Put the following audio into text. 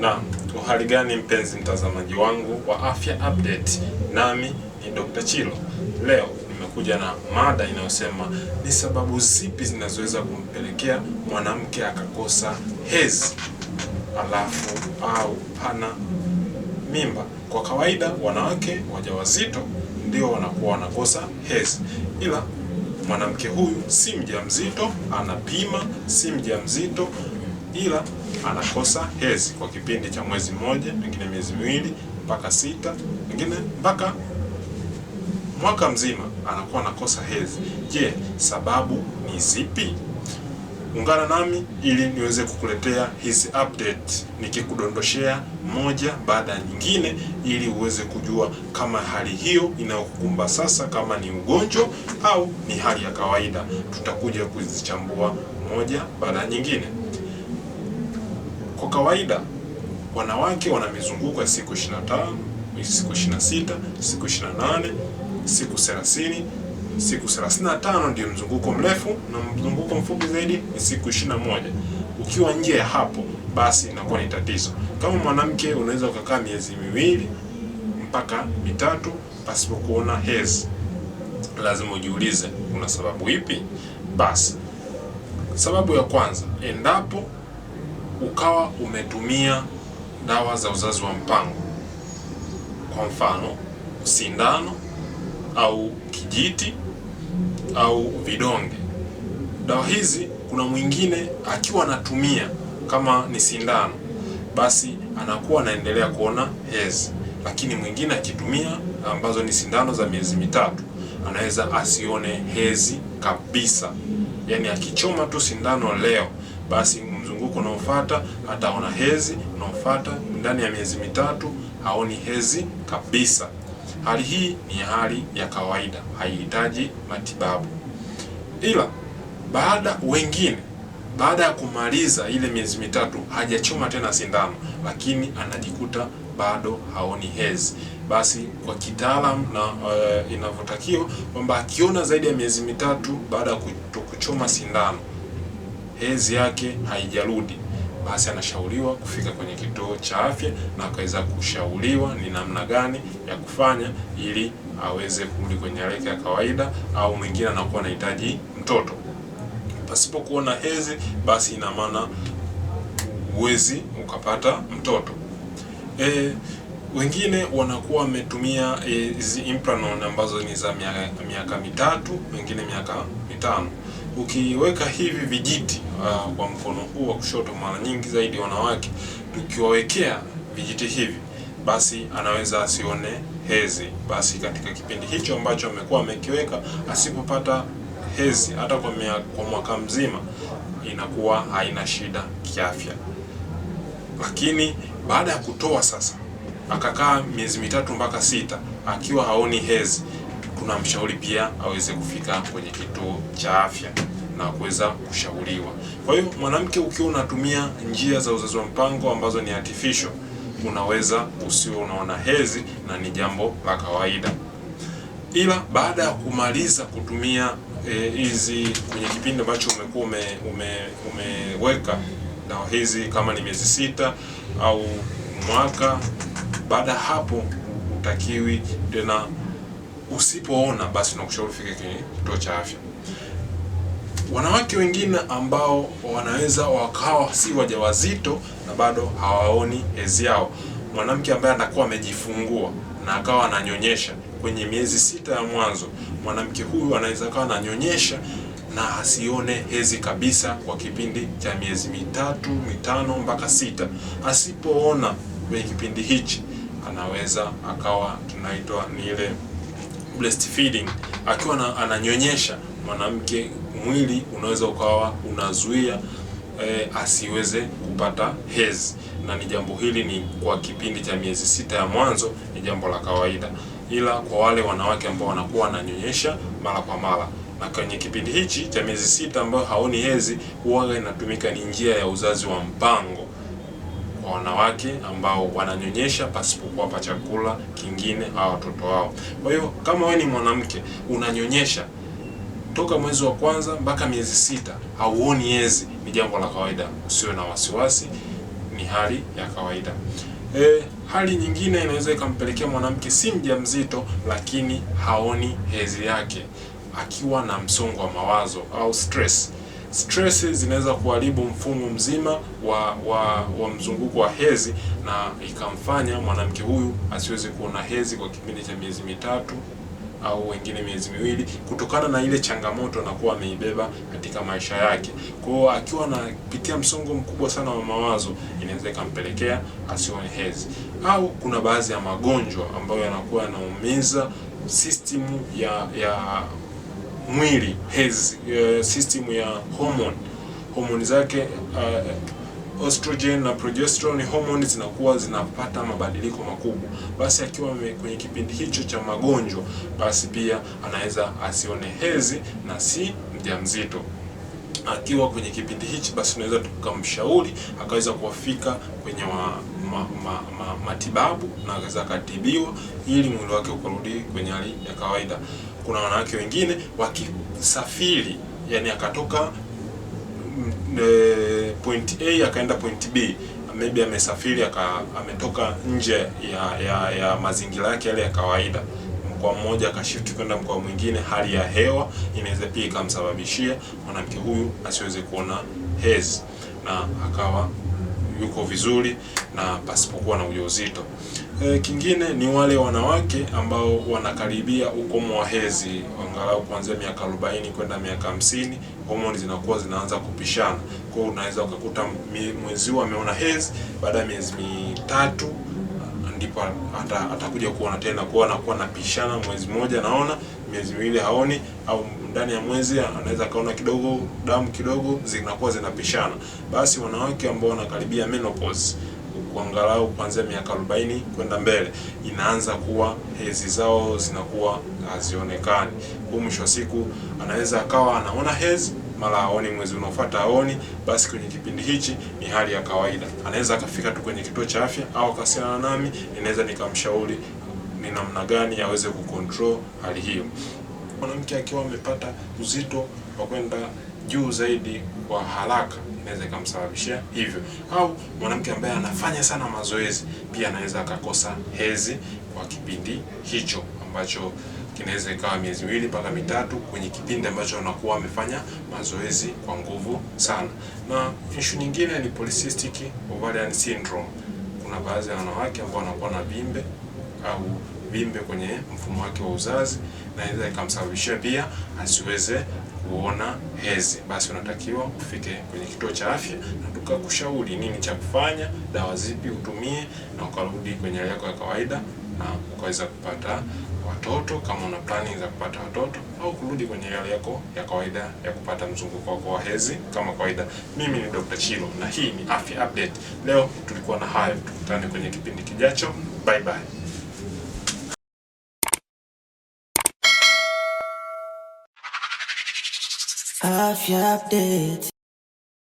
Na uhali gani mpenzi mtazamaji wangu wa Afya Update, nami ni Dr. Chilo. Leo nimekuja na mada inayosema ni sababu zipi zinazoweza kumpelekea mwanamke akakosa hezi alafu au hana mimba. Kwa kawaida wanawake wajawazito ndio wanakuwa wanakosa hezi ila mwanamke huyu si mjamzito, anapima si mjamzito ila anakosa hedhi kwa kipindi cha mwezi mmoja, wengine miezi miwili mpaka sita, wengine mpaka mwaka mzima anakuwa anakosa hedhi. Je, sababu ni zipi? Ungana nami ili niweze kukuletea hizi update nikikudondoshea moja baada ya nyingine, ili uweze kujua kama hali hiyo inayokukumba sasa kama ni ugonjwa au ni hali ya kawaida. Tutakuja kuzichambua moja baada ya nyingine. Kwa kawaida wanawake wana mizunguko ya siku 25, siku 26, siku 28, siku 30. Siku 35 ndio mzunguko mrefu na mzunguko mfupi zaidi ni siku 21. Ukiwa nje ya hapo, basi inakuwa ni tatizo. Kama mwanamke unaweza ukakaa miezi miwili mpaka mitatu pasipo kuona hedhi, lazima ujiulize kuna sababu ipi? Basi sababu ya kwanza, endapo ukawa umetumia dawa za uzazi wa mpango, kwa mfano sindano au kijiti au vidonge. Dawa hizi kuna mwingine akiwa anatumia kama ni sindano, basi anakuwa anaendelea kuona hezi lakini mwingine akitumia ambazo ni sindano za miezi mitatu anaweza asione hezi kabisa. yani akichoma tu sindano leo basi mzunguko unaofuata, ona hezi unaofuata. Ndani ya miezi mitatu haoni hezi kabisa. Hali hii ni hali ya kawaida, haihitaji matibabu. Ila baada wengine, baada ya kumaliza ile miezi mitatu hajachoma tena sindano, lakini anajikuta bado haoni hezi, basi kwa kitaalamu na uh, inavyotakiwa kwamba akiona zaidi ya miezi mitatu baada ya kuchoma sindano hedhi yake haijarudi, basi anashauriwa kufika kwenye kituo cha afya na akaweza kushauriwa ni namna gani ya kufanya ili aweze kurudi kwenye hali ya kawaida, au mwingine anakuwa anahitaji mtoto pasipo kuona hedhi, basi ina maana huwezi ukapata mtoto e, wengine wanakuwa wametumia e, hizi e, Impranon ambazo ni za miaka mitatu, wengine miaka mitano ukiweka hivi vijiti uh, kwa mkono huu wa kushoto, mara nyingi zaidi wanawake tukiwawekea vijiti hivi, basi anaweza asione hezi. Basi katika kipindi hicho ambacho amekuwa amekiweka, asipopata hezi hata kwa, kwa mwaka mzima, inakuwa haina shida kiafya. Lakini baada ya kutoa sasa, akakaa miezi mitatu mpaka sita akiwa haoni hezi mshauri pia aweze kufika kwenye kituo cha afya na kuweza kushauriwa. Kwa hiyo mwanamke, ukiwa unatumia njia za uzazi wa mpango ambazo ni artificial, unaweza usio unaona hedhi na ni jambo la kawaida, ila baada ya kumaliza kutumia e, hizi e, kwenye kipindi ambacho umekuwa ume, ume, umeweka dawa hizi kama ni miezi sita au mwaka, baada hapo utakiwi tena Usipoona basi nakushauri fike kwenye kituo cha afya. Wanawake wengine ambao wanaweza wakawa si wajawazito na bado hawaoni hedhi yao, mwanamke ambaye anakuwa amejifungua na akawa ananyonyesha kwenye miezi sita ya mwanzo, mwanamke huyu anaweza akawa ananyonyesha na asione hedhi kabisa kwa kipindi cha miezi mitatu mitano mpaka sita. Asipoona kwenye kipindi hichi, anaweza akawa tunaitwa ni ile breastfeeding, akiwa ananyonyesha mwanamke, mwili unaweza ukawa unazuia e, asiweze kupata hezi na ni jambo hili ni kwa kipindi cha miezi sita ya mwanzo, ni jambo la kawaida, ila kwa wale wanawake ambao wanakuwa wananyonyesha mara kwa mara na kwenye kipindi hichi cha miezi sita ambayo haoni hezi huwa inatumika ni njia ya uzazi wa mpango kwa wanawake ambao wananyonyesha pa chakula kingine au watoto wao. Kwa hiyo kama wewe ni mwanamke unanyonyesha toka mwezi wa kwanza mpaka miezi sita, hauoni hezi, ni jambo la kawaida, usiwe na wasiwasi, ni hali ya kawaida. E, hali nyingine inaweza ikampelekea mwanamke si mjamzito, lakini haoni hezi yake, akiwa na msongo wa mawazo au stress stress zinaweza kuharibu mfumo mzima wa wa, wa mzunguko wa hezi na ikamfanya mwanamke huyu asiweze kuona hezi kwa kipindi cha miezi mitatu au wengine miezi miwili, kutokana na ile changamoto anakuwa ameibeba katika maisha yake. Kwa hiyo akiwa anapitia msongo mkubwa sana wa mawazo, inaweza ikampelekea asione hezi. Au kuna baadhi ya magonjwa ambayo yanakuwa yanaumiza system ya ya mwili his uh, system ya hormone homoni zake uh, estrogen na progesterone hormone zinakuwa zinapata mabadiliko makubwa. Basi akiwa kwenye kipindi hicho cha magonjwa, basi pia anaweza asione hezi na si mjamzito akiwa kwenye kipindi hichi basi unaweza tukamshauri akaweza kuwafika kwenye wa, ma, ma, ma, matibabu na akaweza akatibiwa ili mwili wake ukarudi kwenye hali ya kawaida. Kuna wanawake wengine wakisafiri, yani akatoka mm, e, point A akaenda point B maybe amesafiri ametoka nje ya, ya, ya mazingira yake yale ya kawaida, mkoa mmoja akashifti kwenda mkoa mwingine, hali ya hewa inaweza pia ikamsababishia mwanamke huyu asiweze kuona hezi na akawa yuko vizuri na pasipokuwa na ujauzito. E, kingine ni wale wanawake ambao wanakaribia ukomo wa hedhi, angalau kuanzia miaka 40 kwenda miaka 50, homoni zinakuwa zinaanza kupishana. Kwa hiyo unaweza ukakuta mwezi huu ameona hedhi, baada ya miezi mitatu ndipo atakuja kuona tena, kwa anakuwa napishana mwezi mmoja naona miezi miwili haoni, au ndani ya mwezi anaweza kaona kidogo, damu kidogo zinakuwa zinapishana, basi wanawake ambao wanakaribia menopause kuangalau kuanzia miaka 40 kwenda mbele, inaanza kuwa hezi zao zinakuwa hazionekani. Kwa mwisho wa siku, anaweza akawa anaona hezi mara aoni mwezi unaofuata aoni. Basi kwenye kipindi hichi ni hali ya kawaida, anaweza akafika tu kwenye kituo cha afya au akasiana nami, inaweza nikamshauri ni namna gani aweze kucontrol hali hiyo. Mwanamke akiwa amepata uzito wa kwenda juu zaidi kwa haraka inaweza ikamsababishia hivyo, au mwanamke ambaye anafanya sana mazoezi pia anaweza akakosa hezi kwa kipindi hicho ambacho kinaweza ikawa miezi miwili mpaka mitatu, kwenye kipindi ambacho anakuwa amefanya mazoezi kwa nguvu sana. Na ishu nyingine ni polycystic ovarian syndrome. Kuna baadhi ya wanawake ambao wanakuwa na vimbe au vimbe kwenye mfumo wake wa uzazi na inaweza ikamsababishia pia asiweze kuona hezi. Basi unatakiwa ufike kwenye kituo cha afya na tukakushauri nini cha kufanya, dawa zipi utumie, na ukarudi kwenye hali yako ya kawaida na ukaweza kupata watoto kama una plani za kupata watoto au kurudi kwenye hali yako ya kawaida ya kupata mzunguko wako wa hezi kama kawaida. Mimi ni Dr. Chilo na hii ni Afya Update. Leo tulikuwa na hayo, tukutane kwenye kipindi kijacho. Bye bye. Half your update.